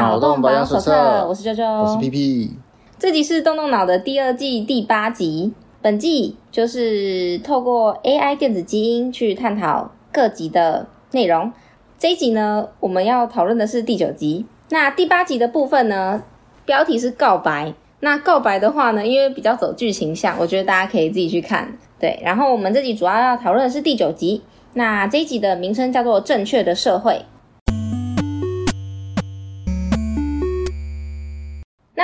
腦洞保養手冊，我是啾啾，我是皮皮。這集是《洞洞腦》的第二季第八集。本季就是透過 AI 電子基因去探討各集的內容。這一集呢，我們要討論的是第九集。那第八集的部分呢，標題是“告白”。那告白的話呢，因為比較走劇情向，我覺得大家可以自己去看。對，然後我們這集主要要討論的是第九集。那這一集的名稱叫做《正確的社會》。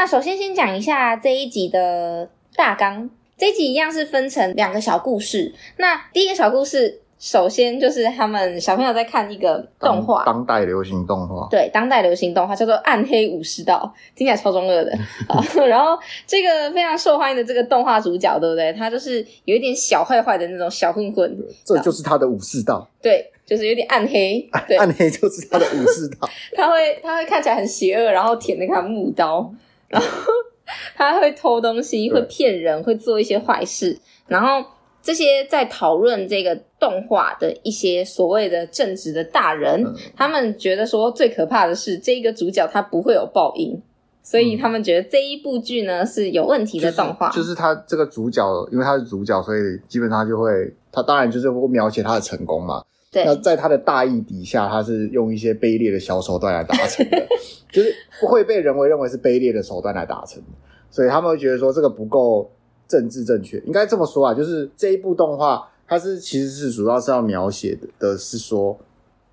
那首先先講一下這一集的大綱。這一集一樣是分成兩個小故事。那第一個小故事，首先就是他們小朋友在看一個動畫，當代流行動畫，對，當代流行動畫叫做《暗黑武士道》，聽起來超中二的。 然後這個非常受歡迎的這個動畫主角，對不對？他就是有一點小壞壞的那種小混混。這就是他的武士道。對，就是有點暗黑。暗黑就是他的武士道。 他會，他會看起來很邪惡，然後舔著他的木刀。然 後他會偷東西，會騙人，會做一些壞事。然後這些在討論這個動畫的一些所謂的正直的大人、嗯，他們覺得說最可怕的是這個主角他不會有報應，所以他們覺得這一部劇呢是有問題的動畫，就是。就是他這個主角，因為他是主角，所以基本上就會他當然就是會描寫他的成功嘛。對，那在他的大義底下，他是用一些卑劣的小手段來達成的， 就是不會被人為認為是卑劣的手段來達成，所以他們會覺得說這個不夠政治正確。應該這麼說啊，就是這一部動畫，它是其實是主要是要描寫的，是說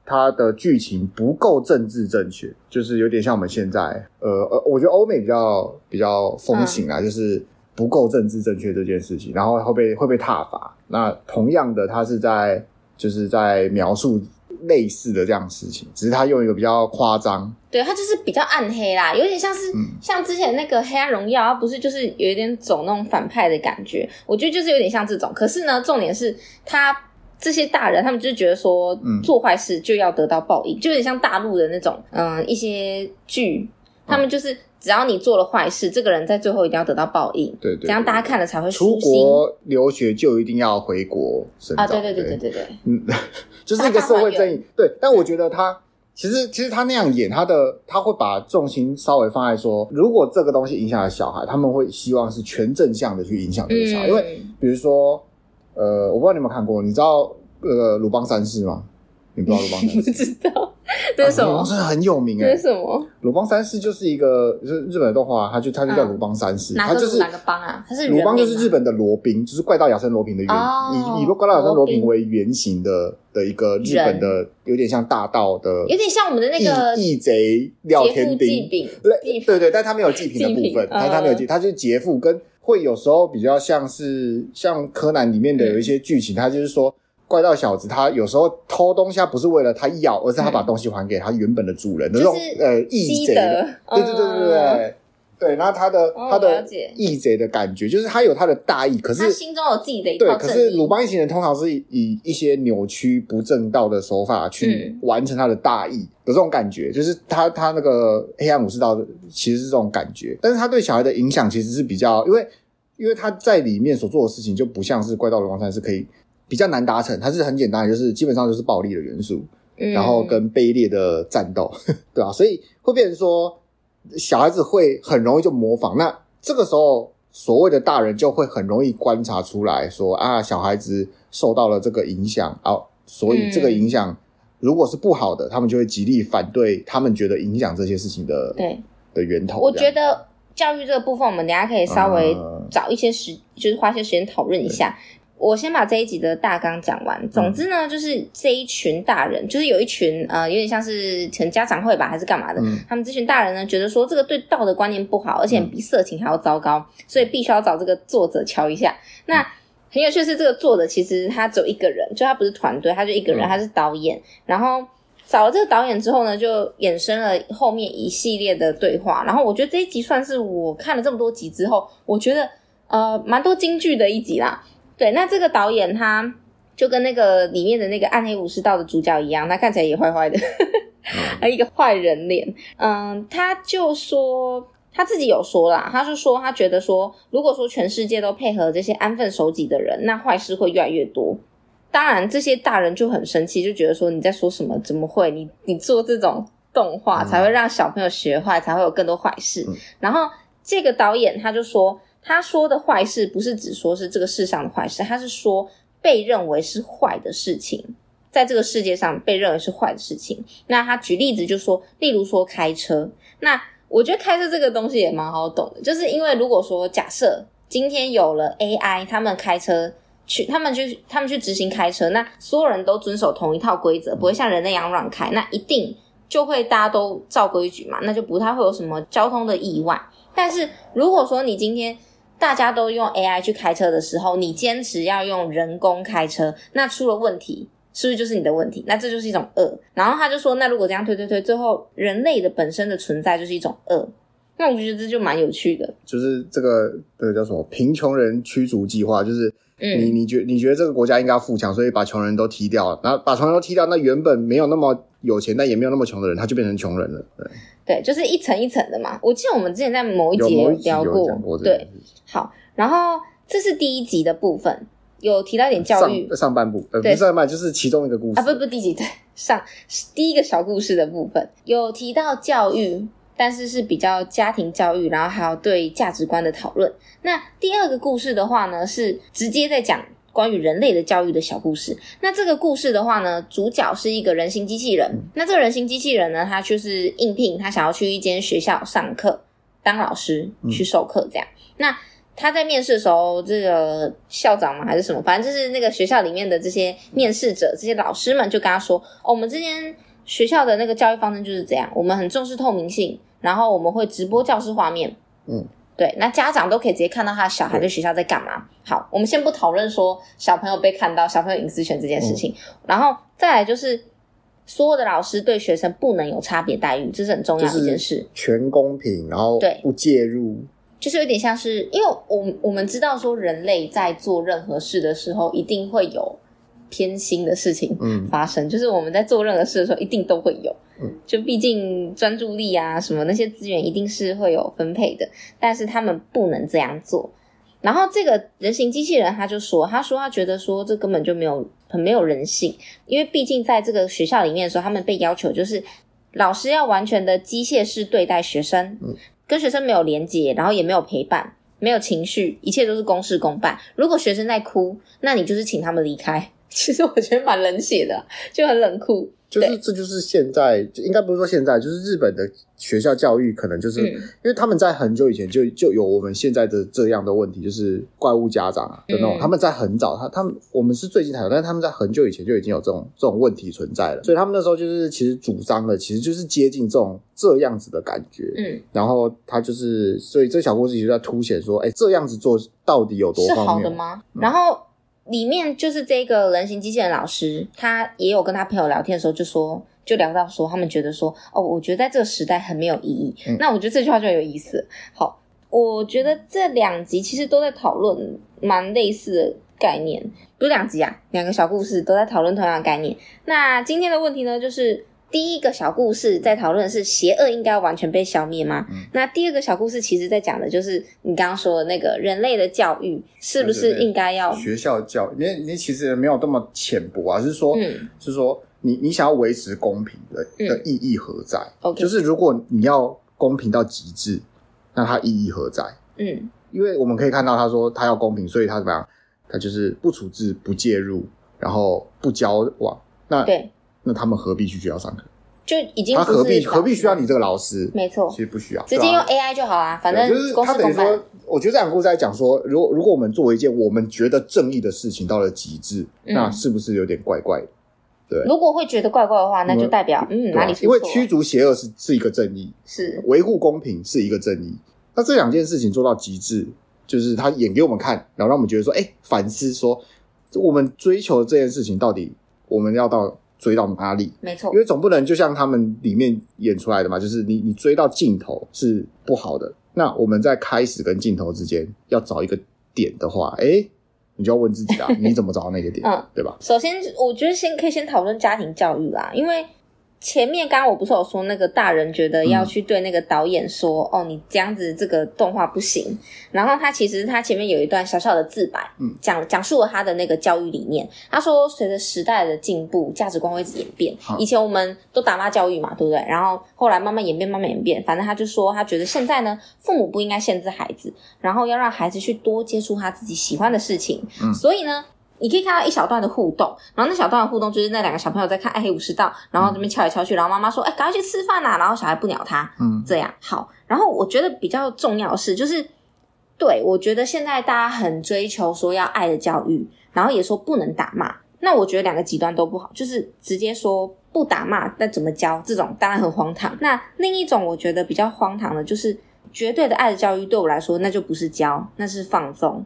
它的劇情不夠政治正確，就是有點像我們現在，呃呃，我覺得歐美比較比較風行啊、嗯，就是不夠政治正確這件事情，然後會被會被撻伐。那同樣的，它是在。就是在描述類似的這樣的事情，只是他用一個比較誇張，對，他就是比較暗黑啦，有點像是、嗯、像之前那個《黑暗榮耀》，不是就是有一點走那種反派的感覺，我覺得就是有點像這種。可是呢，重點是他這些大人他們就是覺得說，嗯、做壞事就要得到報應，就有點像大陸的那種，嗯，一些劇，他們就是。嗯只要你做了壞事，這個人在最後一定要得到報應。對對，對，對，這樣大家看了才會。出國留學就一定要回國生長啊！對對對對對對，對，嗯， 就是一個社會正義。對，但我覺得他、嗯、其實其實他那樣演，他的他會把重心稍微放在說，如果這個東西影響了小孩，他們會希望是全正向的去影響這個小孩。嗯、因為比如說，呃，我不知道你有沒有看過，你知道那個、呃《魯邦三世》嗎？你不知道《魯邦三世？》 不知道。這是什麼？魯邦真的很有名誒、欸。這是什麼？魯邦三世就是一個日日本的動畫，它就它就叫魯邦三世。哪，哪個邦啊？他是魯邦就是日本的羅賓，就是怪盜亞森羅平的原、哦、以以怪盜亞森羅平為原型的的一個日本的有點像大盜的，有點像我們的那個義賊廖添丁。對對，對但他沒有濟貧的部分，他他沒有濟、嗯，他就是劫富跟會有時候比較像是像柯南裡面的有一些劇情，他、嗯、就是說。怪盜小子，他他有時候偷東西不是為了他要，而是他把東西還給他原本的主人，那種、就是、呃義賊。對對對對對對，哦、對。那他的、哦、他的義賊的感覺，就是他有他的大義，可是他心中有自己的一對。可是魯邦一行人通常是以一些扭曲不正道的手法去完成他的大義，有這種感覺。嗯、就是他他那個黑暗武士道其實是這種感覺，但是他對小孩的影響其實是比較，因為因為他在裡面所做的事情就不像是怪盜魯邦三世可以。比較難達成，它是很簡單，就是基本上就是暴力的元素，嗯、然後跟卑劣的戰鬥，對吧？所以會變成說，小孩子會很容易就模仿。那這個時候，所謂的大人就會很容易觀察出來說，說啊，小孩子受到了這個影響啊，所以這個影響如果是不好的，嗯、他們就會極力反對。他們覺得影響這些事情的對的源頭，我覺得教育這個部分，我們等下可以稍微、嗯、找一些時，就是花一些時間討論一下。我先把這一集的大綱講完。總之呢，就是這一群大人，嗯、就是有一群呃，有點像是可能家長會吧，還是幹嘛的，嗯。他們這群大人呢，覺得說這個對道德觀念不好，而且比色情還要糟糕，所以必須要找這個作者瞧一下。那很有趣的是，這個作者其實他只有一個人，就他不是團隊，他就一個人，他是導演，嗯。然後找了這個導演之後呢，就衍生了後面一系列的對話。然後我覺得這一集算是我看了這麼多集之後，我覺得呃，蠻多金句的一集啦。對，那這個導演他就跟那個裡面的那個暗黑武士道的主角一樣，他看起來也壞壞的， 一個壞人臉。嗯，他就說他自己有說啦，他是說他覺得說，如果說全世界都配合這些安分守己的人，那壞事會越來越多。當然，這些大人就很生氣，就覺得說你在說什麼？怎麼會？你你做這種動畫才會讓小朋友學壞，才會有更多壞事。嗯、然後這個導演他就說。他說的壞事不是只說是這個世上的壞事，他是說被認為是壞的事情，在這個世界上被認為是壞的事情。那他舉例子就說，例如說開車。那我覺得開車這個東西也蠻好懂的，就是因為如果說假設今天有了 AI，他們開車去，他們去他們去執行開車，那所有人都遵守同一套規則，不會像人那樣亂開，那一定就會大家都照規矩嘛，那就不太會有什麼交通的意外。但是如果說你今天大家都用 AI 去開車的時候，你堅持要用人工開車，那出了問題是不是就是你的問題？那這就是一種惡。然後他就說，那如果這樣推推推，最後人類的本身的存在就是一種惡。那我覺得這就蠻有趣的，就是這個這個叫什麼“貧窮人驅逐計劃”，就是你你覺、嗯、你覺得這個國家應該富強，所以把窮人都踢掉，然後把窮人都踢掉，那原本沒有那麼有錢但也沒有那麼窮的人，他就變成窮人了，對。對，就是一層一層的嘛。我記得我們之前在某一節聊過，有有過，對。好，然後這是第一集的部分，有提到一點教育，嗯，上半部，對，呃，不是上半，就是其中一個故事啊，不不，第一集對上第一個小故事的部分有提到教育，但是是比較家庭教育，然後還有對價值觀的討論。那第二個故事的話呢，是直接在講。關於人類的教育的小故事。那這個故事的話呢，主角是一個人形機器人、嗯。那這個人形機器人呢，他就是應聘，他想要去一間學校上課，當老師去授課這樣。嗯、那他在面試的時候，這個校長嘛還是什麼，反正就是那個學校裡面的這些面試者、嗯，這些老師們就跟他說：“哦，我們這間學校的那個教育方針就是這樣，我們很重視透明性，然後我們會直播教室畫面。”嗯。對，那家長都可以直接看到他小孩在學校在幹嘛。好，我們先不討論說小朋友被看到小朋友隱私權這件事情，嗯、然後再來就是所有的老師對學生不能有差別待遇，這是很重要的一件事，就是、全公平，然後不介入，就是有點像是因為我我們知道說人類在做任何事的時候一定會有。偏心的事情發生，嗯，就是我們在做任何事的時候，一定都會有。嗯，就畢竟專注力啊，什麼那些資源一定是會有分配的，但是他們不能這樣做。然後這個人形機器人他就說：“他說他覺得說這根本就沒有很沒有人性，因為畢竟在這個學校裡面的時候，他們被要求就是老師要完全的機械式對待學生，嗯，跟學生沒有連接，然後也沒有陪伴，沒有情緒，一切都是公事公辦。如果學生在哭，那你就是請他們離開。”其實我覺得蠻冷血的，就很冷酷。就是，這就是現在，應該不是說現在，就是日本的學校教育可能就是，嗯、因為他們在很久以前就就有我們現在的這樣的問題，就是怪物家長的、啊嗯、那種。他們在很早，他他們我們是最近才有，但是他們在很久以前就已經有這種這種問題存在了。所以他們那時候就是其實主張的，其實就是接近這種這樣子的感覺。嗯，然後他就是，所以這小故事一直在凸顯說，哎，這樣子做到底有多好。是好的嗎？嗯、然後。裡面就是這個人形機器人老師，他也有跟他朋友聊天的時候，就說就聊到說，他們覺得說，哦，我覺得在這個時代很沒有意義。嗯。那我覺得這句話就很有意思了。好，我覺得這兩集其實都在討論蠻類似的概念，不是兩集啊，兩個小故事都在討論同樣的概念。那今天的問題呢，就是。第一個小故事在討論是邪惡應該完全被消滅嗎？嗯，那第二個小故事其實在講的就是你剛剛說的那個人類的教育是不是應該要？對對對，學校教育，你你其實也沒有這麼淺薄啊，是說，嗯，是說你你想要維持公平的，嗯，的意義何在？okay，就是如果你要公平到極致，那它意義何在？嗯，因為我們可以看到他說他要公平，所以他怎麼樣？他就是不處置、不介入、然後不交往。那對。那他們何必去學校上課？就已經他何必何必需要你這個老師？沒錯，其實不需要、啊，直接用 AI 就好啊，反正公公、就是、他等於說，我覺得這兩個故事在講說，如果如果我們做一件我們覺得正義的事情到了極致、嗯，那是不是有點怪怪的？對，如果會覺得怪怪的話，那就代表嗯哪裡是？因為驅逐邪惡是是一個正義，是維護公平是一個正義。那這兩件事情做到極致，就是他演給我們看，然後讓我們覺得說，哎、欸，反思說，我們追求這件事情到底我們要到。追到哪裡？沒錯，因為總不能就像他們裡面演出來的嘛，就是你你追到盡頭是不好的。那我們在開始跟盡頭之間要找一個點的話，哎、欸，你就要問自己啊， 你怎麼找到那個點、嗯？對吧？首先，我覺得先可以先討論家庭教育啦，因為。前面剛剛我不是有說那個大人覺得要去對那個導演說、嗯、哦，你這樣子這個動畫不行。然後他其實他前面有一段小小的自白，嗯、講講述了他的那個教育理念。他說，隨着時代的進步，價值觀會一直演變。以前我們都打罵教育嘛，對不對？然後後來慢慢演變，慢慢演變。反正他就說，他覺得現在呢，父母不應該限制孩子，然後要讓孩子去多接觸他自己喜歡的事情。嗯、所以呢。你可以看到一小段的互動，然後那小段的互動就是那兩個小朋友在看《哎黑武士道》，然後這邊敲來敲去，然後媽媽說：“哎、欸，趕快去吃飯啦、啊！”然後小孩不鳥他，嗯，這樣好。然後我覺得比較重要的是，就是對我覺得現在大家很追求說要愛的教育，然後也說不能打罵，那我覺得兩個極端都不好，就是直接說不打罵，那怎麼教？這種當然很荒唐。那另一種我覺得比較荒唐的，就是絕對的愛的教育，對我來說那就不是教，那是放縱，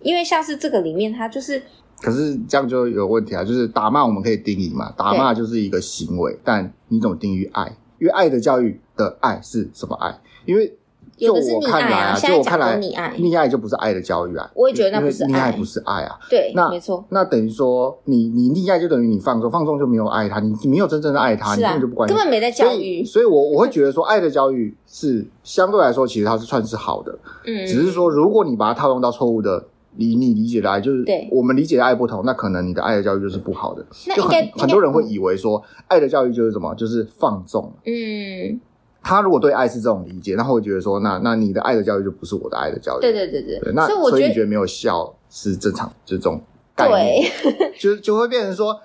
因為像是這個裡面它就是。可是這樣就有問題啊！就是打罵我們可以定義嘛，打罵就是一個行為，但你怎麼定義愛？因為愛的教育的愛是什麼愛？因為就我看來啊，啊就我看來愛溺愛就不是愛的教育啊。我也覺得那不是愛，溺愛不是愛啊。對，那沒錯。那等於說你你溺愛就等於你放縱，放縱就沒有愛他，你沒有真正的愛他、嗯啊，你根本就不關心，根本沒在教育。所以，所以我我會覺得說，愛的教育是、嗯、相對來說，其實它是算是好的。嗯，只是說如果你把它套用到錯誤的。你你理解的愛就是我們理解的愛不同，那可能你的愛的教育就是不好的。就很很多人會以為說愛的教育就是什麼？就是放縱。嗯，他如果對愛是這種理解，那會覺得說那，那那你的愛的教育就不是我的愛的教育。對對對對，對那所以，所以覺你覺得沒有笑是正常這種概念，對就就會變成說。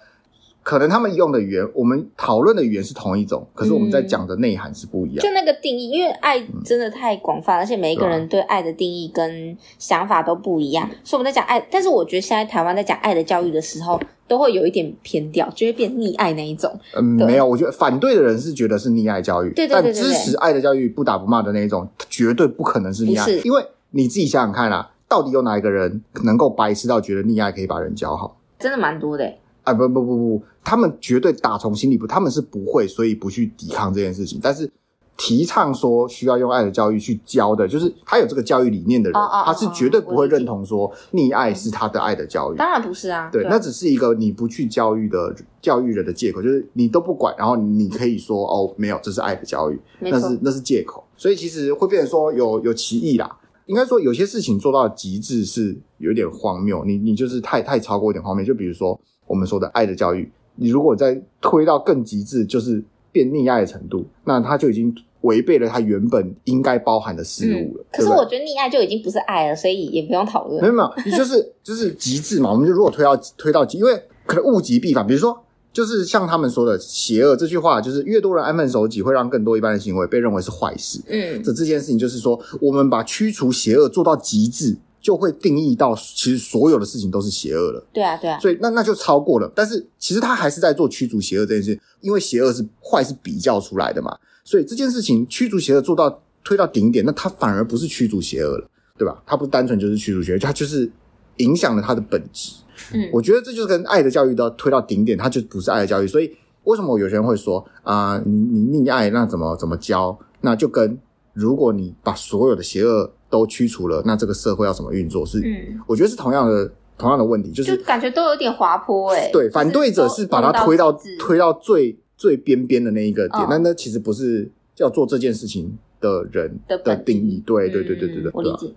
可能他們用的語言，我們討論的語言是同一種，可是我們在講的內涵是不一樣。嗯、就那個定義，因為愛真的太廣泛，嗯，而且每一個人對愛的定義跟想法都不一樣，所以我們在講愛，但是我覺得現在台灣在講愛的教育的時候，都會有一點偏掉，就會變溺愛那一種。嗯，沒有，我覺得反對的人是覺得是溺愛教育對對對對對對，但支持愛的教育不打不罵的那一種，絕對不可能是溺愛。是，因為你自己想想看啦，啊，到底有哪一個人能夠白痴到覺得溺愛可以把人教好？真的蠻多的，欸。啊、哎、不不不不，不，他們絕對打從心裡不，他們是不會，所以不去抵抗這件事情。但是，提倡說需要用愛的教育去教的，就是他有這個教育理念的人，哦哦、他是絕對不會認同說溺愛是他的愛的教育。嗯、當然不是啊對，對，那只是一個你不去教育的教育人的借口，就是你都不管，然後你可以說哦，沒有，這是愛的教育，那是那是借口。所以其實會變成說有有歧義啦。應該說有些事情做到極致是有點荒謬，你你就是太太超過一點荒謬，就比如說。我們說的愛的教育，你如果再推到更極致，就是變溺愛的程度，那他就已經違背了他原本應該包含的事物了、嗯對對。可是我覺得溺愛就已經不是愛了，所以也不用討論。沒有沒有， 你就是就是極致嘛。我們就如果推到推到極，因為可能物極必反。比如說，就是像他們說的“邪惡”這句話，就是越多人安分守己，會讓更多一般的行為被認為是壞事。嗯，這這件事情就是說，我們把驅除邪惡做到極致。就會定義到，其實所有的事情都是邪惡了。對啊，對啊。所以那那就超過了。但是其實他還是在做驅逐邪惡這件事，因為邪惡是壞是比較出來的嘛。所以這件事情驅逐邪惡做到推到頂點，那他反而不是驅逐邪惡了，對吧？他不單純就是驅逐邪惡，他就是影響了他的本質。嗯，我覺得這就是跟愛的教育都要推到頂點，他就不是愛的教育。所以為什麼我有些人會說啊，呃，你你溺愛那怎麼怎麼教？那就跟如果你把所有的邪惡，都驅除了，那這個社會要怎麼運作是？是、嗯，我覺得是同樣的同樣的問題，就是就感覺都有點滑坡哎、欸。對、就是，反對者是把它推到，到推到最最邊邊的那一個點，那、哦、那其實不是要做這件事情的人的定義的對、嗯。對對對對對對，我理解。啊、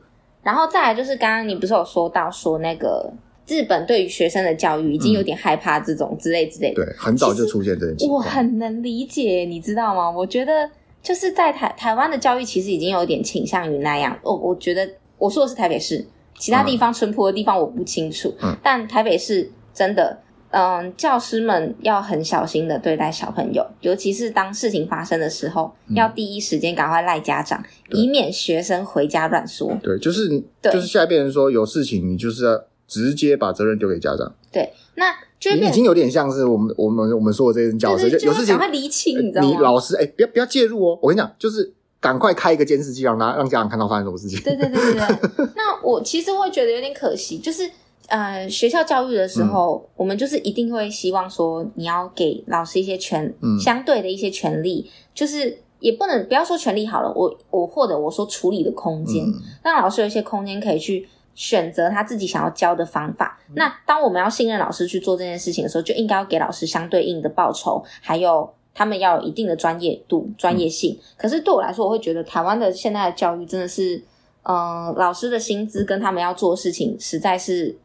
然後再來就是剛剛你不是有說到說那個日本對於學生的教育已經有點害怕這種之類之類的，嗯、對，很早就出現這種情況，我很能理解，你知道嗎？我覺得。就是在台台灣的教育其實已經有一點傾向於那樣，我、哦、我覺得我說的是台北市，其他地方淳樸的地方我不清楚、啊嗯，但台北市真的，嗯，教師們要很小心的對待小朋友，尤其是當事情發生的時候，嗯、要第一時間趕快賴家長，以免學生回家亂說。對，就是就是現在變成說有事情，你就是要直接把責任丟給家長。對，那就你已經有點像是我們我們我們說的這些教師有事情，趕快釐清，你知道嗎？你老師哎，不要不要介入哦！我跟你講，就是趕快開一個監視器，讓讓家長看到發生什麼事情。對對對對對。 那我其實會覺得有點可惜，就是呃，學校教育的時候、嗯，我們就是一定會希望說，你要給老師一些權、嗯，相對的一些權利，就是也不能不要說權利好了，我我或者我說處理的空間、嗯，讓老師有一些空間可以去。選擇他自己想要教的方法。那當我們要信任老師去做這件事情的時候，就應該要給老師相對應的報酬，還有他們要有一定的專業度、專業性。嗯、可是對我來說，我會覺得台灣的現在的教育真的是，嗯、呃，老師的薪資跟他們要做的事情實在是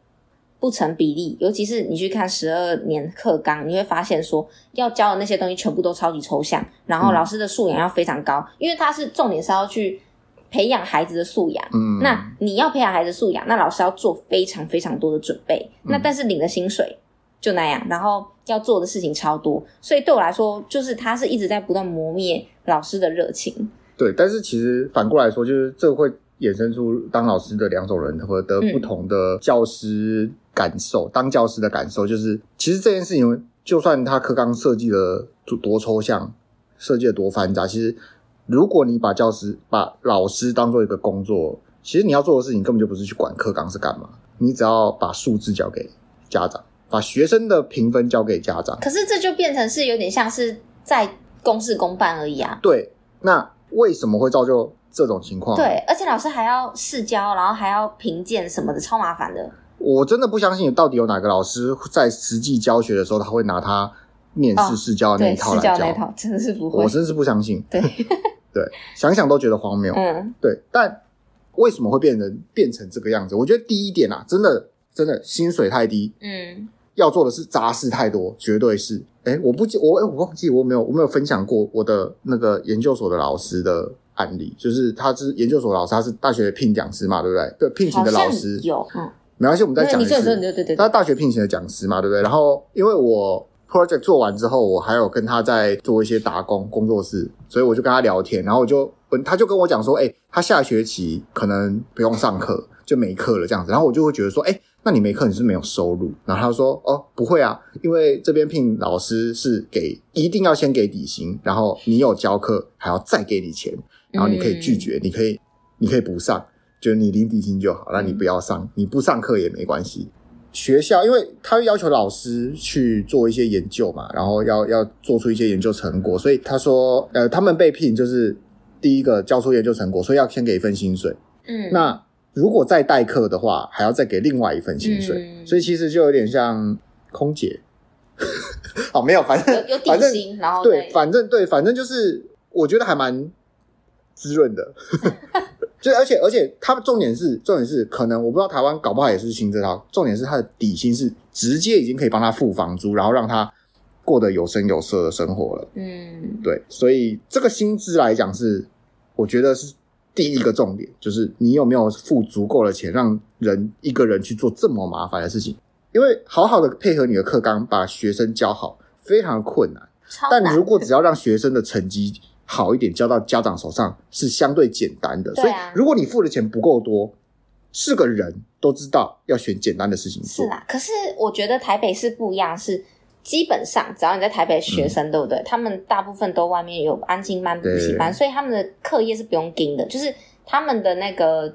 不成比例。尤其是你去看十二年課綱，你會發現說要教的那些東西全部都超級抽象，然後老師的素養要非常高，因為他是重點是要去。培養孩子的素養，嗯，那你要培養孩子素養，那老師要做非常非常多的準備，嗯，那但是領的薪水就那樣，然後要做的事情超多，所以對我來說，就是他是一直在不斷磨滅老師的熱情。對，但是其實反過來說，就是這會衍生出當老師的兩種人或者得不同的教師感受，嗯。當教師的感受就是，其實這件事情，就算他課綱設計的多抽象，設計的多繁雜，其實。如果你把教師、把老師當做一個工作，其實你要做的事情根本就不是去管課綱是幹嘛，你只要把數字交給家長，把學生的評分交給家長。可是這就變成是有點像是在公事公辦而已啊。對，那為什麼會造就這種情況？對，而且老師還要試教，然後還要評鑑什麼的，超麻煩的。我真的不相信，到底有哪個老師在實際教學的時候，他會拿他面試試教的那一套來教？哦，試教那套真的是不會，我真是不相信。對。 對，想想都覺得荒謬。嗯，對，但為什麼會變成變成這個樣子？我覺得第一點啊，真的真的薪水太低。嗯，要做的是雜事太多，絕對是。誒、欸、我不記我誒、欸、我忘記我沒有我沒有分享過我的那個研究所的老師的案例，就是他是研究所的老師，他是大學聘講師嘛，對不對？對，聘請的老師有，嗯，沒關係，我們再講一次，這有這有這有這有他是他大學聘請的講師嘛，對不對？然後因為我。project 做完之後，我還有跟他在做一些打工工作室，所以我就跟他聊天，然後我就，他就跟我講說，哎、欸，他下學期可能不用上課，就沒課了這樣子，然後我就會覺得說，哎、欸，那你沒課你是沒有收入，然後他說，哦，不會啊，因為這邊聘老師是給，一定要先給底薪，然後你有教課還要再給你錢，然後你可以拒絕，嗯、你可以你可以不上，就你領底薪就好，那你不要上，嗯、你不上課也沒關係。學校，因為他要求老師去做一些研究嘛，然後要要做出一些研究成果，所以他說，呃，他們被聘就是第一個交出研究成果，所以要先給一份薪水。嗯，那如果再代課的話，還要再給另外一份薪水，嗯、所以其實就有點像空姐。好、 哦，沒有，反正有，有底薪，反正，然後、那個、對，反正對，反正就是我覺得還蠻滋潤的。 就而且而且，他的重點是重點是，可能我不知道台灣搞不好也是新這套。重點是他的底薪是直接已經可以幫他付房租，然後讓他過得有聲有色的生活了。嗯，對，所以這個薪資來講是，我覺得是第一個重點，就是你有沒有付足夠的錢，讓人一個人去做這麼麻煩的事情？因為好好的配合你的課綱，把學生教好，非常的困難，超難的。但如果只要讓學生的成績，好一點交到家長手上是相對簡單的、啊，所以如果你付的錢不夠多，是個人都知道要選簡單的事情做。是啊，可是我覺得台北市不一樣，是基本上只要你在台北學生、嗯，對不對？他們大部分都外面有安親班、補習班，所以他們的課業是不用盯的，就是他們的那個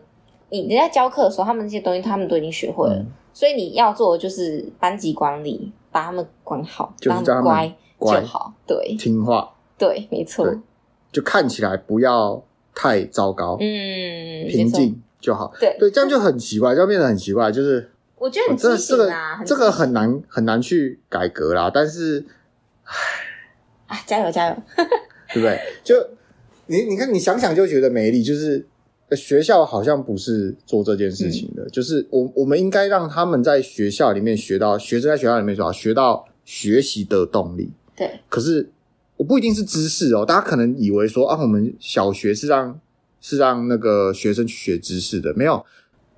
你人家教課的時候，他們這些東西他們都已經學會了、嗯，所以你要做就是班級管理，把他們管好，讓、就是、他們乖，就好，乖就好，對，聽話，對，沒錯。就看起來不要太糟糕，嗯，平靜就好。嗯、對，對，這樣就很奇怪，這樣變得很奇怪，就是我覺得、啊哦、這個、這個啊、這個很難很難去改革啦，但是唉，啊，加油加油， 對不對？就你你看，你想想就覺得沒力。就是學校好像不是做這件事情的，嗯、就是我我們應該讓他們在學校裡面學到，學生在學校裡面主要學到學習的動力。對，可是。我不一定是知識哦，大家可能以為說啊，我們小學是讓是讓那個學生去學知識的，沒有，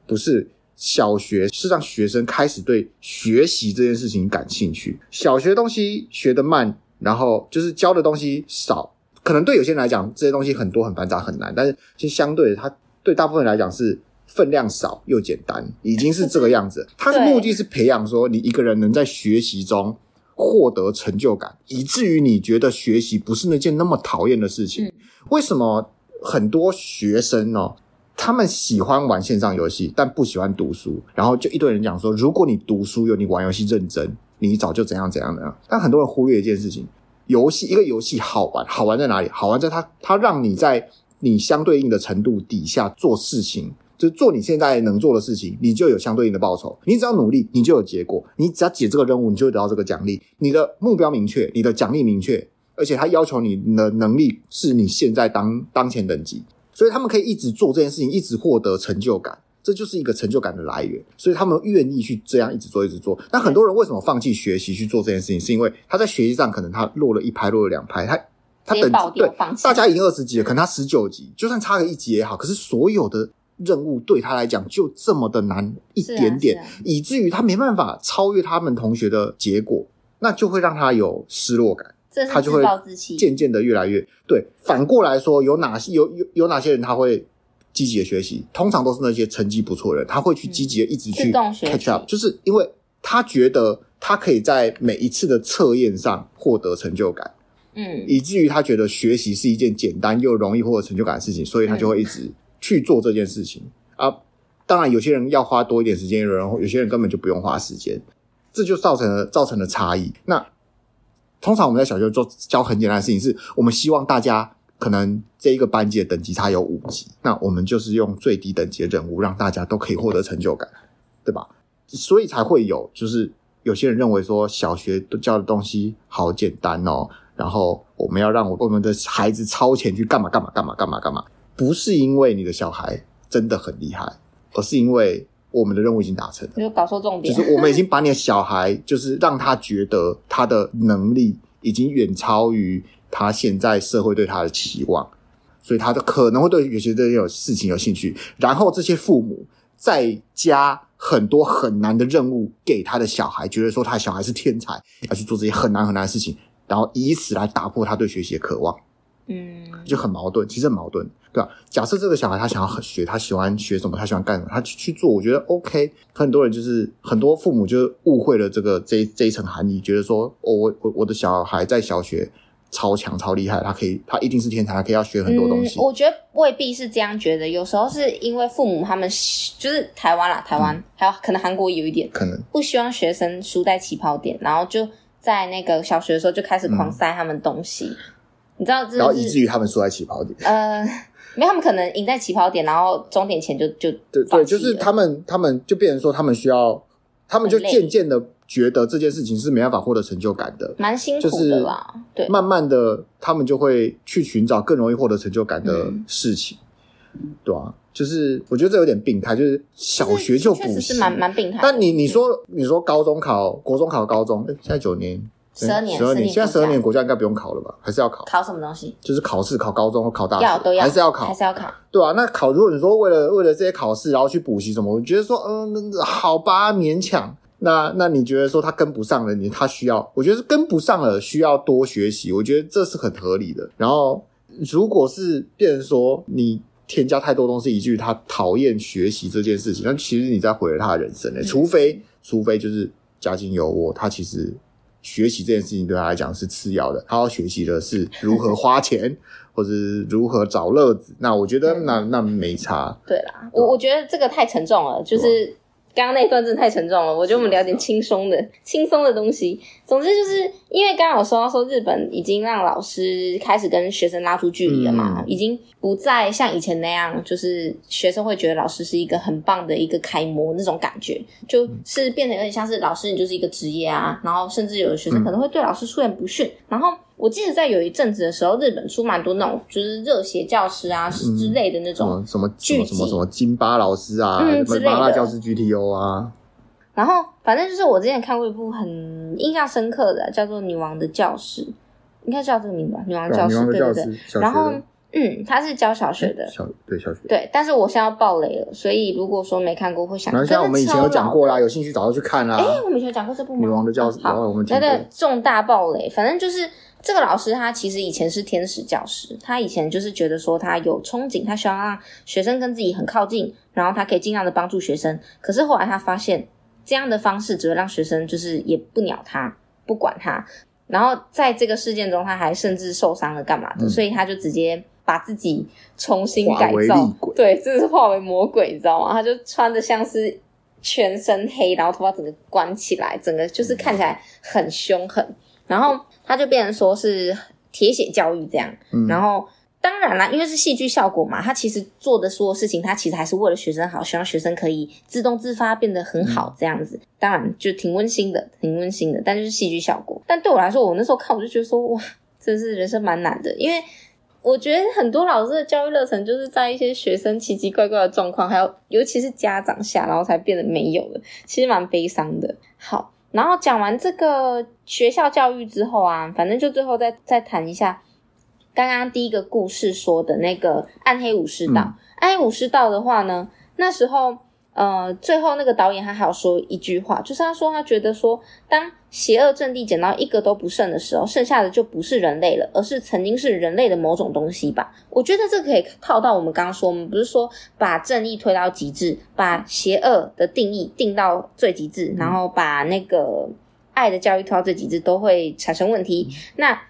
不是，小學是讓學生開始對學習這件事情感興趣。小學東西學得慢，然後就是教的東西少，可能對有些人來講這些東西很多，很繁雜很難，但是其實相對的，它對大部分人來講是分量少又簡單，已經是這個樣子。它的目的是培養說你一個人能在學習中。獲得成就感，以至於你覺得學習不是那件那麼討厭的事情。嗯。為什麼很多學生呢，哦？他們喜歡玩線上遊戲，但不喜歡讀書，然後就一堆人講說，「如果你讀書，有你玩遊戲認真，你早就怎樣怎樣的。」但很多人忽略一件事情，遊戲一個遊戲好玩，好玩在哪裡？好玩在它它讓你在你相對應的程度底下做事情。就做你現在能做的事情，你就有相對應的報酬。你只要努力，你就有結果。你只要解這個任務，你就會得到這個獎勵。你的目標明確，你的獎勵明確，而且他要求你的能力是你現在當當前等級，所以他們可以一直做這件事情，一直獲得成就感。這就是一個成就感的來源，所以他們願意去這樣一直做，一直做。那很多人為什麼放棄學習去做這件事情？是因為他在學習上可能他落了一拍，落了兩拍，他他等級對大家已經二十級了，可能他十九級，就算差個一級也好。可是所有的。任務對他來講就這麼的難一點點，以至於他沒辦法超越他們同學的結果，那就會讓他有失落感，他就會漸漸的越來越。對。反過來說，有哪些有有有有哪些人他會積極的學習？通常都是那些成績不錯的人，他會去積極的一直去 catch up，就是因為他覺得他可以在每一次的測驗上獲得成就感，嗯，以至於他覺得學習是一件簡單又容易獲得成就感的事情，所以他就會一直。去做這件事情啊！當然，有些人要花多一點時間，有人有些人根本就不用花時間，這就造成了造成了差異。那通常我們在小學做教很簡單的事情是，是我們希望大家可能這一個班級的等級差有五級，那我們就是用最低等級的任務讓大家都可以獲得成就感，對吧？所以才會有，就是有些人認為說小學都教的東西好簡單哦，然後我們要讓我我們的孩子超前去幹嘛幹嘛幹嘛幹嘛幹嘛。不是因為你的小孩真的很厲害，而是因為我們的任務已經達成了。就就是我們已經把你的小孩，就是讓他覺得他的能力已經遠超於他現在社會對他的期望，所以他就可能會對有些這件事情有興趣。然後這些父母再加很多很難的任務給他的小孩，覺得說他的小孩是天才，要去做這些很難很難的事情，然後以此來打破他對學習的渴望。嗯，就很矛盾，其實很矛盾，對吧？假設這個小孩他想要學，他喜歡學什麼，他喜歡幹什麼，他去去做，我覺得 OK。很多人就是很多父母就是誤會了這個這這一層含義，覺得說，哦，我我我的小孩在小學超強超厲害，他可以，他一定是天才，他可以要學很多東西。嗯，我覺得未必是這樣覺得，有時候是因為父母他們就是台灣啦，台灣，嗯，還有可能韓國有一點可能不希望學生輸在起跑點，然後就在那個小學的時候就開始狂塞他們東西。嗯。你知道這、就是，然後以至於他們輸在起跑點。呃，沒有，他們可能贏在起跑點，然後終點前就就對就是他們他們就變成說，他們需要，他們就漸漸的覺得這件事情是沒辦法獲得成就感的，蠻辛苦的吧？對、就是，慢慢的他們就會去尋找更容易獲得成就感的事情，嗯、對啊，就是我覺得這有點病態，就是小學就補習其實確實是蠻蠻病態，但你、嗯、你說你說高中考國中考高中現在九年。嗯十二年，十二年，年，現在十二年，國家應該不用考了吧？還是要考？考什麼東西？就是考試，考高中或考大學要都要還要考，還是要考？還是要考？對啊，那考，如果你說為了為了這些考試，然後去補習什麼，我覺得說，嗯，好吧，勉強。那那你覺得說他跟不上了，你他需要？我覺得是跟不上了，需要多學習。我覺得這是很合理的。然後，如果是變成說你添加太多東西，以至於他討厭學習這件事情，那其實你在毀了他的人生嘞、欸嗯。除非除非就是家境優渥，他其實。學習這件事情對他來講是次要的，他要學習的是如何花錢 或是如何找樂子。那我覺得那，那那沒差。對啦，對我我覺得這個太沉重了，就是。剛，剛那段真的太沉重了，我覺得我們聊點輕，輕鬆的、輕鬆的東西。總之，就是因為剛剛我說到說，日本已經讓老師開始跟學生拉出距離了嘛，嗯、已經不再像以前那樣，就是學生會覺得老師是一個很棒的一個楷模那種感覺，就是變得有點像是老師你就是一個職業啊，然後甚至有的學生可能會對老師出言不遜，嗯、然後。我記得在有一陣子的時候，日本出蠻多那種就是熱血教師啊、嗯、之類的那種什麼什麼什麼什麼金巴老師啊、嗯、之類的教師 G T O 啊。然後反正就是我之前看過一部很印象深刻的、啊，叫做《女王的教室》，應該叫這個名字吧、啊，《女王的教室》、啊、《女王的教室》對對對。然後嗯，他是教小學的，欸、小對小學對。但是我現在要暴雷了，所以如果說沒看過會想，那像我們以前有講過啦、啊，有興趣找到去看啦、啊。誒、欸、我們以前講過這部嗎《女王的教室》？嗯，好，那個重大暴雷，反正就是。這個老師他其實以前是天使教師，他以前就是覺得說他有憧憬，他希望讓學生跟自己很靠近，然後他可以盡量的幫助學生。可是後來他發現這樣的方式只會讓學生就是也不鳥他，不管他。然後在這個事件中，他還甚至受傷了，幹嘛的、嗯？所以他就直接把自己重新改造，對，這是化為魔鬼，你知道嗎？他就穿的像是全身黑，然後頭髮整個關起來，整個就是看起來很兇狠，然後。他就變成說是鐵血教育這樣，嗯、然後當然啦，因為是戲劇效果嘛。他其實做的所有事情，他其實還是為了學生好，希望學生可以自動自發變得很好這樣子。嗯、當然就挺溫馨的，挺溫馨的，但就是戲劇效果。但對我來說，我那時候看我就覺得說哇，真是人生蠻難的，因為我覺得很多老師的教育熱忱就是在一些學生奇奇怪怪的狀況，還有尤其是家長下，然後才變得沒有了。其實蠻悲傷的。好，然後講完這個。學校教育之後啊，反正就最後再再談一下剛剛第一個故事說的那個暗黑武士道。嗯、暗黑武士道的話呢，那時候呃，最後那個導演還好說一句話，就是他說他覺得說，當邪惡陣地減到一個都不剩的時候，剩下的就不是人類了，而是曾經是人類的某種東西吧。我覺得這可以套到我們剛剛說，我們不是說把正義推到極致，把邪惡的定義定到最極致，嗯，然後把那個。愛的教育，到這幾隻都會產生問題。那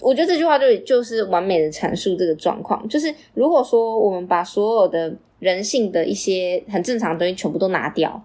我覺得這句話就就是完美的闡述這個狀況。就是如果說我們把所有的人性的一些很正常的東西全部都拿掉，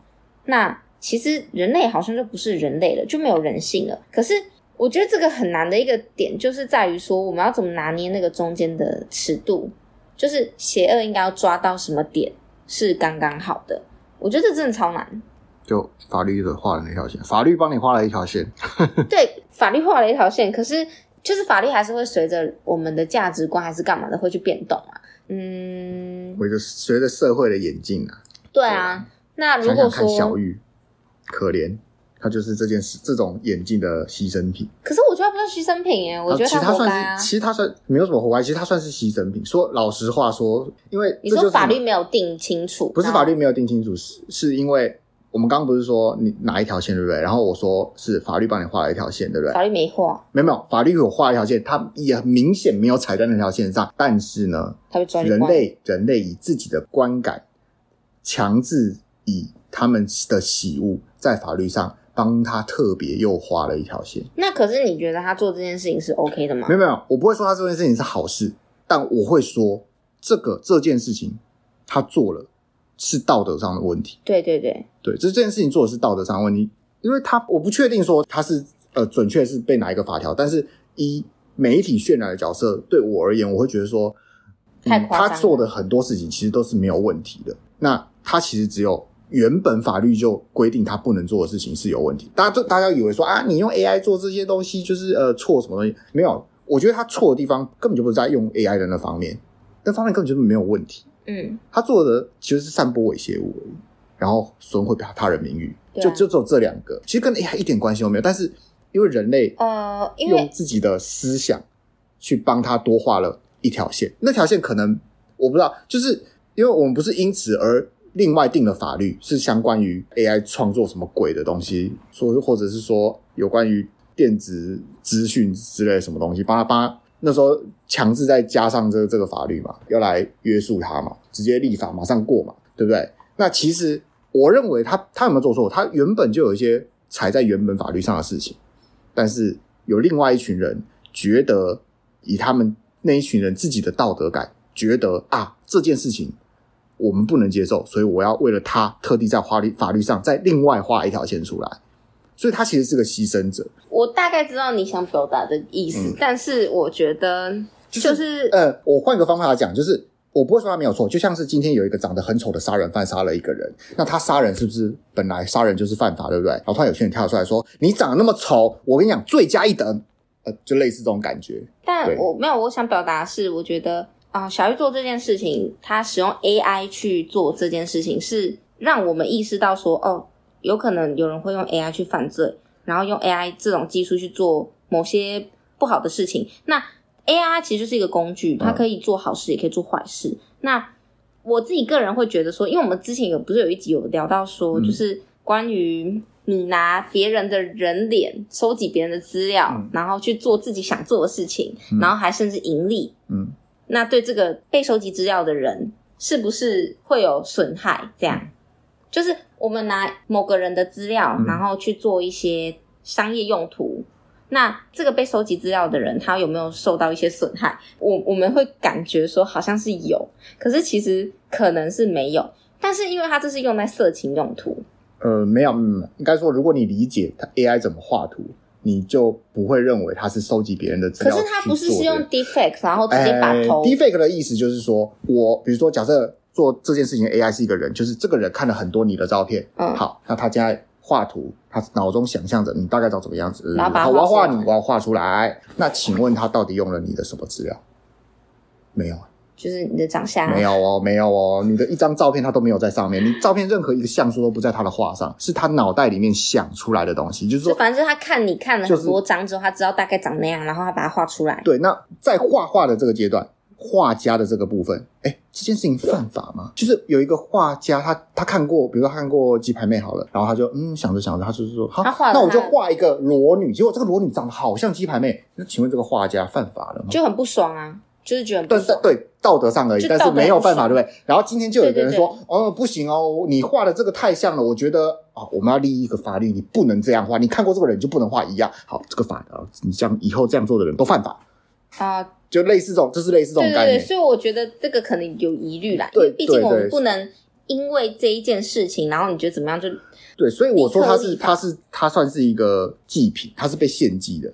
那其實人類好像就不是人類了，就沒有人性了。可是我覺得這個很難的一個點，就是在於說我們要怎麼拿捏那個中間的尺度，就是邪惡應該要抓到什麼點是剛剛好的。我覺得這真的超難。就法律的畫了那條線，法律幫你畫了一條線呵呵。對，法律畫了一條線，可是就是法律還是會隨着我們的價值觀還是幹嘛的會去變動啊。嗯，隨着隨着社會的演進啊，啊。對啊，那如果說想想看小玉可憐，他就是這件事這種演進的犧牲品。可是我覺得他不是犧牲品耶，我覺得他、啊、其實他算，是其實他算，其實他算沒有什麼禍害，其實他算是犧牲品。說老實話說，說因為你說法律沒有定清楚，不是法律沒有定清楚，是是因為。我們剛剛不是說你哪一條線對不對？然後我說是法律幫你畫了一條線，對不對？法律沒畫，沒有，沒有。法律有畫一條線，它也很明顯沒有踩在那條線上。但是呢，人類人類以自己的觀感，強制以他們的喜惡，在法律上幫他特別又畫了一條線。那可是你覺得他做這件事情是 OK 的嗎？沒有沒有，我不會說他這件事情是好事，但我會說這個這件事情他做了。是道德上的問題。對對對，對，就是這件事情做的是道德上的問題，因為他我不確定說他是呃準確是被哪一個法條，但是以媒體渲染的角色對我而言，我會覺得說，嗯，他做的很多事情其實都是沒有問題的。那他其實只有原本法律就規定他不能做的事情是有問題。大家都大家以為說啊，你用 AI 做這些東西就是呃錯什麼東西？沒有，我覺得他錯的地方根本就不是在用 AI 人的那方面，那方面根本就沒有問題。嗯，他做的其實是散播猥褻物，然後損毀他他人名譽，就、啊、就只有這兩個，其實跟 AI 一點關係都沒有。但是因為人類呃，用自己的思想去幫他多畫了一條線，呃、那條線可能我不知道，就是因為我們不是因此而另外定了法律，是相關於 AI 創作什麼鬼的東西，說或者是說有關於電子資訊之類的什麼東西，把它把。那時候強制再加上這這個法律嘛，要來約束他嘛，直接立法馬上過嘛，對不對？那其實我認為他他有沒有做錯？他原本就有一些踩在原本法律上的事情，但是有另外一群人覺得，以他們那一群人自己的道德感，覺得啊，這件事情我們不能接受，所以我要為了他特地在法律法律上再另外畫一條線出來。所以他其實是個犧牲者。我大概知道你想表達的意思，嗯，但是我覺得就是，就是，呃，我換個方法來講，就是我不會說他沒有錯。就像是今天有一個長得很醜的殺人犯殺了一個人，那他殺人是不是本來殺人就是犯法，對不對？然後突然有些人跳出來說你長得那麼醜，我跟你講罪加一等，呃，就類似這種感覺。但我沒有，我想表達是，我覺得啊，呃，小玉做這件事情，他使用 AI 去做這件事情，是讓我們意識到說，哦，呃。有可能有人會用 AI 去犯罪，然後用 AI 這種技術去做某些不好的事情。那 AI 其實就是一個工具，它可以做好事，也可以做壞事。嗯、那我自己個人會覺得說，因為我們之前有不是有一集有聊到說、嗯，就是關於你拿別人的人臉收集別人的資料、嗯，然後去做自己想做的事情、嗯，然後還甚至盈利。嗯，那對這個被收集資料的人，是不是會有損害？這樣？嗯就是我們拿某個人的資料、嗯，然後去做一些商業用途。那這個被收集資料的人，他有沒有受到一些損害？我我們會感覺說好像是有，可是其實可能是沒有。但是因為他這是用在色情用途。呃，沒有，嗯、應該說，如果你理解 AI 怎麼畫圖，你就不會認為他是收集別人的資料的。可是他不是是用 deepfake，然後直接把頭。欸、deepfake 的意思就是說，我比如說假設。做這件事情的，AI 是一個人，就是這個人看了很多你的照片，嗯、哦，好，那他現在畫圖，他腦中想象着你大概長什麼樣子，好、嗯，我要畫你，我要畫出來。那請問他到底用了你的什麼資料？沒有，就是你的長相、啊、沒有哦，沒有哦，你的一張照片他都沒有在上面，你照片任何一個像素都不在他的畫上，是他腦袋裡面想出來的東西，就是說，是反正他看你看了很多張之後、就是，他知道大概長那樣，然後他把它畫出來。對，那在畫畫的這個階段。畫家的這個部分，誒，這件事情犯法嗎？就是有一個畫家他，他他看過，比如說看過雞排妹好了，然後他就嗯想着想着，他就說好、啊，那我就畫一個裸女。結果這個裸女長得好像雞排妹，那請問這個畫家犯法了嗎？就很不爽啊，就是覺得，但是對，對道德上而已，但是沒有犯法，對不對，對？然後今天就有一個人說，對對對哦不行哦，你畫的這個太像了，我覺得啊、哦，我們要立一個法律，你不能這樣畫，你看過這個人你就不能畫一樣。好，這個法啊，你像以後這樣做的人都犯法。他、uh, 就類似這種，就是類似這種感覺。對，對對，所以我覺得這個可能有疑慮啦。對，因為畢竟我們不能因為這一件事情，對對對，然後你覺得怎麼樣就對。所以我說他是，利利他是，他算是一個祭品，他是被獻祭的。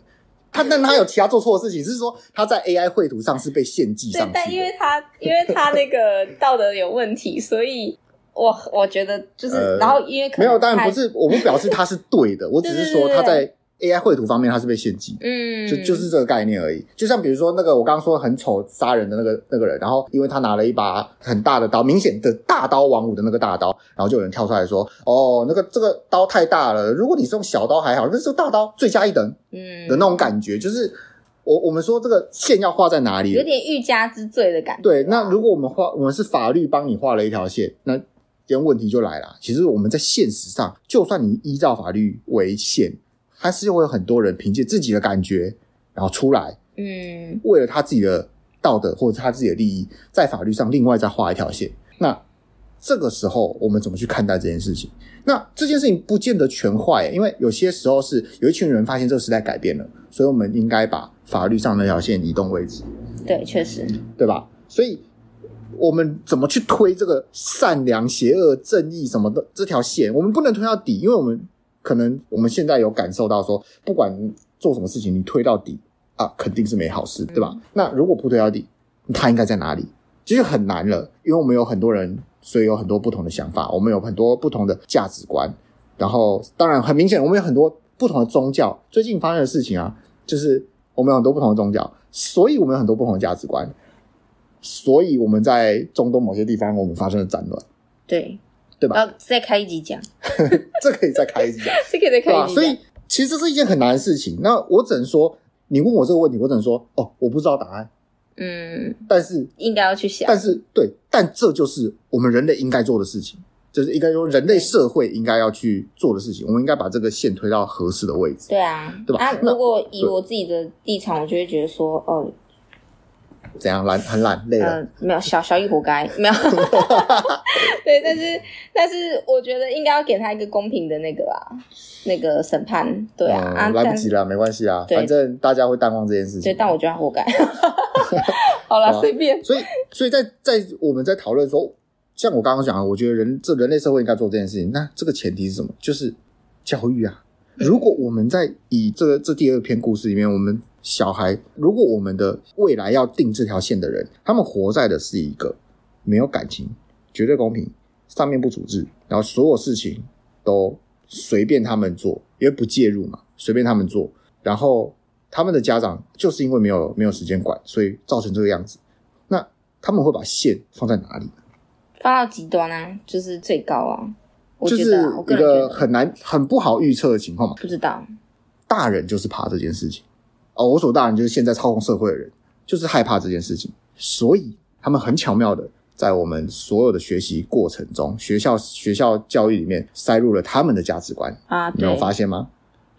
他，但他有其他做錯的事情， 是說他在 AI 繪圖上是被獻祭上去的對。但因為他，因為他那個道德有問題， 所以我我覺得就是，呃、然後因為可能沒有，當然不是，我不表示他是對的， 我只是說他在。 A I 繪圖方面，它是被限制的。嗯，就就是這個概念而已。就像比如說那個我剛剛說很醜殺人的那個那個人，然後因為他拿了一把很大的刀，明顯的大刀王五的那個大刀，然後就有人跳出來說：“哦，那個這個刀太大了，如果你用小刀還好，但是用大刀罪加一等。”嗯，的那種感覺、嗯、就是我我們說這個線要畫在哪裡，有點欲加之罪的感覺。對，那如果我們畫，我們是法律幫你畫了一條線，那今天問題就來了。其實我們在現實上，就算你依照法律為線。但是又會有很多人憑借自己的感覺，然後出來，嗯，為了他自己的道德或者他自己的利益，在法律上另外再畫一條線。那這個時候我們怎麼去看待這件事情？那這件事情不見得全壞，因為有些時候是有一群人發現這個時代改變了，所以我們應該把法律上那條線移動位置。對，確實，對吧？所以我們怎麼去推這個善良、邪惡、正義什麼的這條線？我們不能推到底，因為我們。可能我們現在有感受到說，不管做什麼事情，你推到底啊，肯定是沒好事，對吧？嗯。那如果不推到底，它應該在哪裡？其實很難了，因為我們有很多人，所以有很多不同的想法，我們有很多不同的價值觀。然後，當然很明顯，我們有很多不同的宗教。最近發生的事情啊，就是我們有很多不同的宗教，所以我們有很多不同的價值觀，所以我們在中東某些地方，我們發生了戰亂。對。對吧，哦？再開一集講， 這可以再開一集講， 這可以再開一集講。Wow, 所以其實這是一件很難的事情，嗯。那我只能說，你問我這個問題，我只能說，哦，我不知道答案。嗯，但是應該要去想。但是對，但這就是我們人類應該做的事情，就是應該說人類社會應該要去做的事情。我們應該把這個線推到合適的位置。對啊，對吧？啊，那如果以我自己的立場，我就會覺得說，哦，嗯。怎樣懶很懶累了？嗯，沒有小小易活該，沒有。 對，但是但是我覺得應該要給他一個公平的那個啦、啊，那個審判。對啊、嗯、啊，來不及了啦，沒關係啊，反正大家會淡忘這件事情。對，對但我覺得他活該。 好了，隨便。所以，所以在在我們在討論說，像我剛剛講的，我覺得人這人類社會應該做這件事情，那這個前提是什麼？就是教育啊。如果我們在以這個這第二篇故事裡面，我們。小孩，如果我們的未來要定這條線的人，他們活在的是一個沒有感情、絕對公平、上面不處置，然後所有事情都隨便他們做，因為不介入嘛，隨便他們做。然後他們的家長就是因為沒有沒有時間管，所以造成這個樣子。那他們會把線放在哪裡呢？放到極端啊，就是最高啊。我覺得就是一個很難、很，難，很不好預測的情況嘛。不知道。大人就是怕這件事情。哦，我所大人就是現在操控社會的人，就是害怕這件事情，所以他們很巧妙的在我們所有的學習過程中，學校學校教育裡面塞入了他們的價值觀啊，對你沒有發現嗎？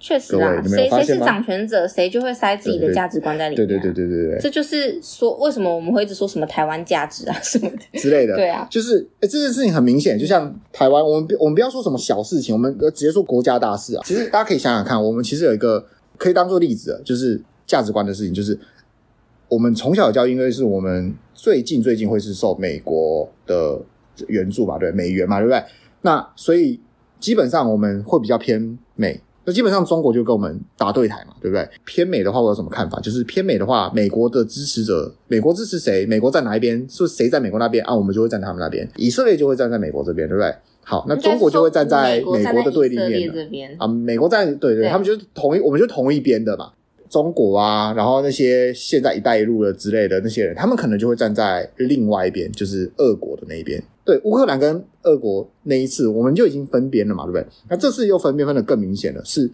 確實啊，誰誰是掌權者，誰就會塞自己的價值觀在裡面。對對對對對對，對，對，這就是說為什麼我們會一直說什麼台灣價值啊什麼的之類的。對啊，就是誒這件事情很明顯，就像台灣，我們我們不要說什麼小事情，我們直接說國家大事啊。其實大家可以想想看，我們其實有一個可以當做例子啊，就是。價值觀的事情就是，我們從小教育，因為是我們最近最近會是受美國的援助嘛，對美元嘛，對不對？那所以基本上我們會比較偏美。那基本上中國就跟我們打對台嘛，對不對？偏美的話，我有什麼看法？就是偏美的話，美國的支持者，美國支持誰？美國在哪一邊？是不是誰在美國那邊啊？我們就會站在他們那邊，以色列就會站在美國這邊，對不對？好，那中國就會站在美國的對立面啊。美國在對對，他們就是同一，我們就同一邊的嘛。中國啊，然後那些現在“一帶一路”的之類的那些人，他們可能就會站在另外一邊，就是俄國的那一邊。對，烏克蘭跟俄國那一次，我們就已經分邊了嘛，對不對？那這次又分邊分得更明顯了。是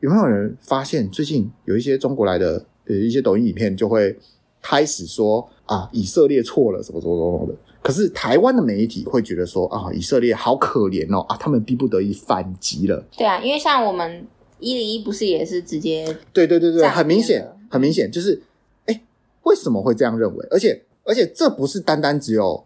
有沒有人發現，最近有一些中國來的呃一些抖音影片，就會開始說啊，以色列錯了什麼什麼什麼的。可是台灣的媒體會覺得說啊，以色列好可憐哦，啊，他們逼不得已反擊了。對啊，因為像我們。一零一不是也是直接對對對對，很明顯很明顯，就是哎，為什麼會這樣認為？而且而且這不是單單只有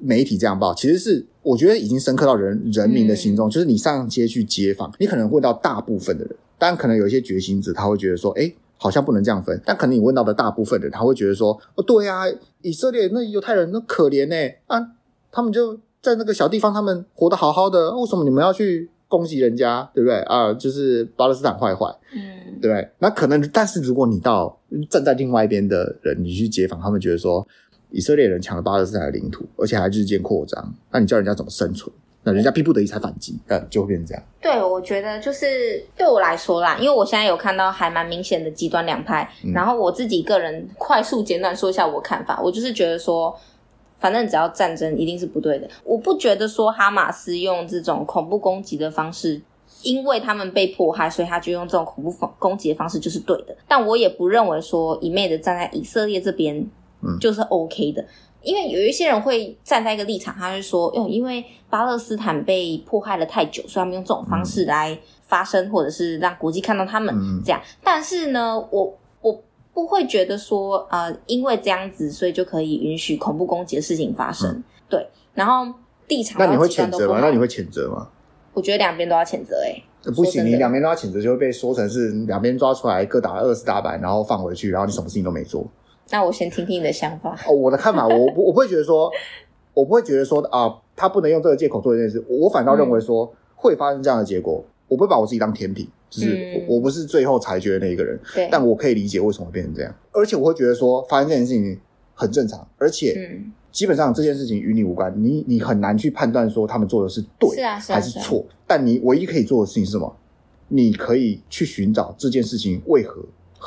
媒體這樣報，其實是我覺得已經深刻到人人民的心中，嗯。就是你上街去街訪，你可能問到大部分的人，當然可能有一些覺醒者他會覺得說，哎，好像不能這樣分。但可能你問到的大部分的人，他會覺得說，哦，對呀，啊，以色列那猶太人那可憐呢，欸，啊，他們就在那個小地方，他們活得好好的，為什麼你們要去？攻擊人家，對不對啊？就是巴勒斯坦壞壞，嗯，對不對？那可能，但是如果你到站在另外一邊的人，你去採訪，他們覺得說以色列人搶了巴勒斯坦的領土，而且還日漸擴張，那你叫人家怎麼生存？那人家逼不得已才反擊，嗯、但就會變成這樣。對，我覺得就是對我來說啦，因為我現在有看到還蠻明顯的極端兩派，然後我自己個人快速簡短說一下我看法，我就是覺得說。反正只要戰爭一定是不對的，我不覺得說哈馬斯用這種恐怖攻擊的方式，因為他們被迫害，所以他就用這種恐怖攻攻擊的方式就是對的。但我也不認為說一味的站在以色列這邊，嗯，就是 OK 的，嗯，因為有一些人會站在一個立場，他就說，喲、哦，因為巴勒斯坦被迫害了太久，所以他們用這種方式來發聲，嗯，或者是讓國際看到他們，嗯、這樣。但是呢，我。不會覺得說，呃，因為這樣子，所以就可以允許恐怖攻擊的事情發生。嗯、對，然後地產，那你會譴責嗎？那你會譴責嗎？我覺得兩邊都要譴責、欸。哎，不行，你兩邊都要譴責，就會被說成是兩邊抓出來各打了二十大板，然後放回去，然後你什麼事情都沒做。那我先聽聽你的想法。哦， 我的看法，我不我不會覺得說，我不會覺得說，啊，他不能用這個借口做一件事。我反倒認為說、嗯，會發生這樣的結果。我不會把我自己當天秤。是、嗯、我不是最後裁決的那一個人，對，但我可以理解為什麼會變成這樣，而且我會覺得說發生這件事情很正常，而且基本上這件事情與你無關，嗯、你你很難去判斷說他們做的是對還是錯，啊啊啊，但你唯一可以做的事情是什麼？你可以去尋找這件事情為何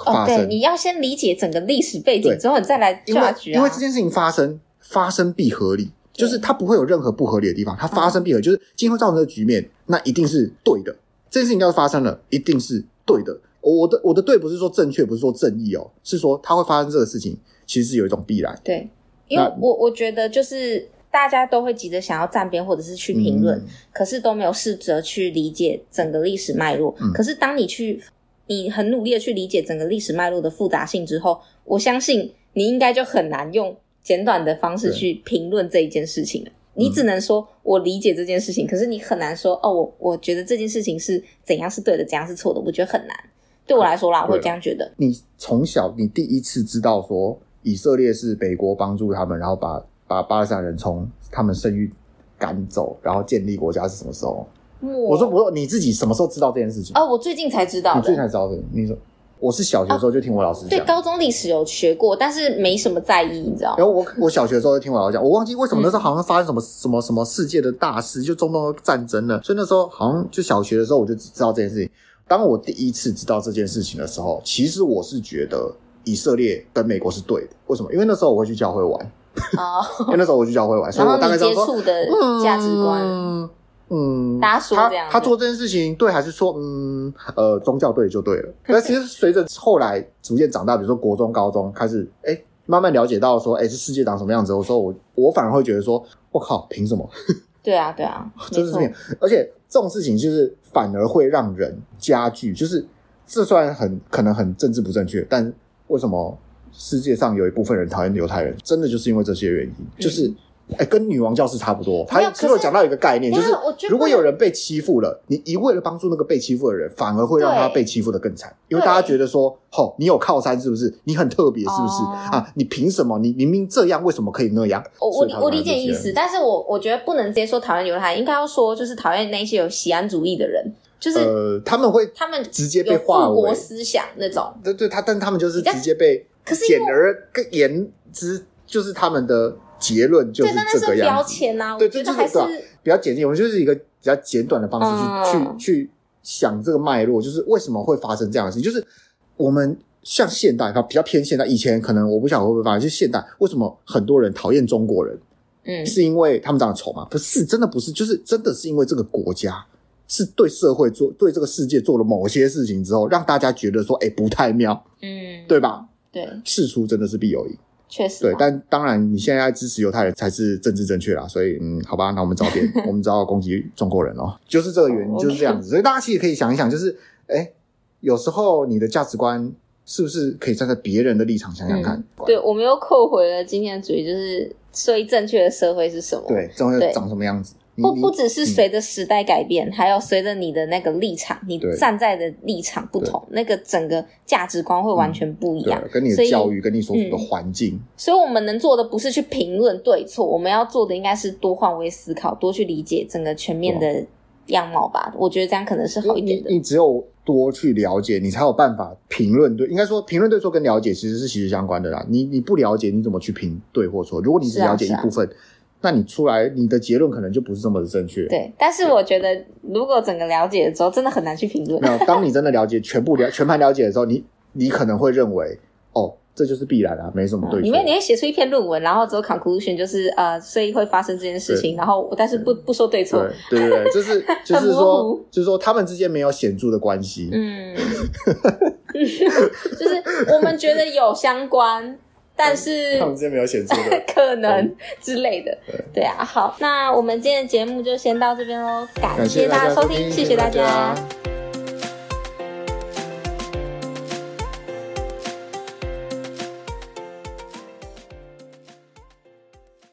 發生，oh, 對，你要先理解整個歷史背景之後你再來抓局、啊、因，因為這件事情發生發生必合理，就是它不會有任何不合理的地方，它發生必合理，嗯、就是今後造成的局面那一定是對的。這件事情要是發生了，一定是對的。我的我的對不是說正確，不是說正義哦，是說它會發生這個事情，其實是有一種必然。對，因為我我覺得就是大家都會急着想要站邊或者是去評論，嗯，可是都沒有試着去理解整個歷史脈絡。嗯，可是當你去你很努力的去理解整個歷史脈絡的複雜性之後，我相信你應該就很難用簡短的方式去評論這一件事情了。你只能說，我理解這件事情，嗯、可是你很難說哦。我我覺得這件事情是怎樣是對的，怎樣是錯的，我覺得很難。對我來說啦，我會這樣覺得。你從小你第一次知道說以色列是美國幫助他們，然後把把巴勒斯坦人從他們生育趕走，然後建立國家是什麼時候？我，我說，我說你自己什麼時候知道這件事情？哦，我最近才知道。你最近才知道的？你說。我是小學的時候就聽我老師講、哦，對，高中歷史有學過，但是沒什麼在意，你知道嗎？然後我我小學的時候就聽我老師講，我忘記為什麼那時候好像發生什麼、嗯、什麼什麼世界的大事，就中東戰爭了，所以那時候好像就小學的時候我就只知道這件事情。當我第一次知道這件事情的時候，其實我是覺得以色列跟美國是對的，為什麼？因為那時候我會去教會玩，哦、 因為那時候我去教會玩，所以我大概知道接觸的價值觀。嗯嗯，他他做這件事情對，還是說嗯，呃，宗教對就對了。但其實隨着後來逐漸長大， 比如說國中、高中開始，哎、欸，慢慢了解到說，哎、欸，這世界長什麼樣子。我說我我反而會覺得說，我靠，憑什麼？ 對啊，對啊，對啊，就是這樣。而且這種事情就是反而會讓人加劇，就是這雖然很可能很政治不正確，但為什麼世界上有一部分人討厭猶太人，真的就是因為這些原因，就是。嗯哎、欸，跟女王教室差不多。他最後講到一個概念，就是我覺得如果有人被欺負了，你一味的幫助那個被欺負的人，反而會讓他被欺負得更慘，因為大家覺得說，吼、哦，你有靠山是不是？你很特別是不是？哦、啊，你憑什麼？你明明這樣，為什麼可以那樣？我我理我理解意思，但是我我覺得不能直接說討厭猶太人，應該要說就是討厭那些有錫安主義的人，就是、呃、他們會他們直接被化為思想那種。對對，他，但他們就是直接被，可是簡而言之，就是他們的。結論就是這個樣子。對是是、啊。對，這是個標籤吶。對，這是個比較簡潔，我們就是一個比較簡短的方式去、嗯、去去想這個脈絡，就是為什麼會發生這樣的事情。就是我們像現代，它比較偏現代。以前可能我不曉得會不會發生，就現代為什麼很多人討厭中國人？嗯，是因為他們長得醜嗎？不是，真的不是，就是真的是因為這個國家是對社會做，對這個世界做了某些事情之後，讓大家覺得說，哎、欸，不太妙。嗯，對吧？對，事出真的是必有因。確實、啊，對，但當然，你現在要支持猶太人才是政治正確啦，所以，嗯，好吧，那我們找點， 我們找攻擊中國人哦，就是這個原因，就是這樣子。Oh, okay. 所以大家其實可以想一想，就是，哎，有時候你的價值觀是不是可以站在別人的立場想想看？嗯、對，我們又扣回了今天的主題，就是最正確的社會是什麼？對，社會長什麼樣子？不不只是隨着時代改變，嗯、還有隨着你的那個立場，你站在的立場不同，那個整個價值觀會完全不一樣。跟你的教育，跟你所處的環境、嗯。所以，我們能做的不是去評論對錯，我們要做的應該是多換位思考，多去理解整個全面的樣貌吧。嗯、我覺得這樣可能是好一點的。你只有多去了解，你才有辦法評論對。應該說，評論對錯跟了解其實是息息相關的啦。你你不了解，你怎麼去評對或錯？如果你只了解一部分。那你出來，你的結論可能就不是這麼的正確。對，但是我覺得，如果整個了解的時候，真的很難去評論。沒有，當你真的了解 全部了、全盤了解的時候，你你可能會認為，哦，這就是必然啊，沒什麼對。嗯、因為你面你會寫出一篇論文，然後之後 conclusion 就是呃，所以會發生這件事情。然後，但是不、嗯、不說對錯。對對對，就是 就是說，就是說他們之間沒有顯著的關係。嗯， 就是我們覺得有相關。但是，之前沒有 可能之類的、嗯。對啊，好，那我們今天的節目就先到這邊嘍，感謝大家收聽，謝,謝謝大家。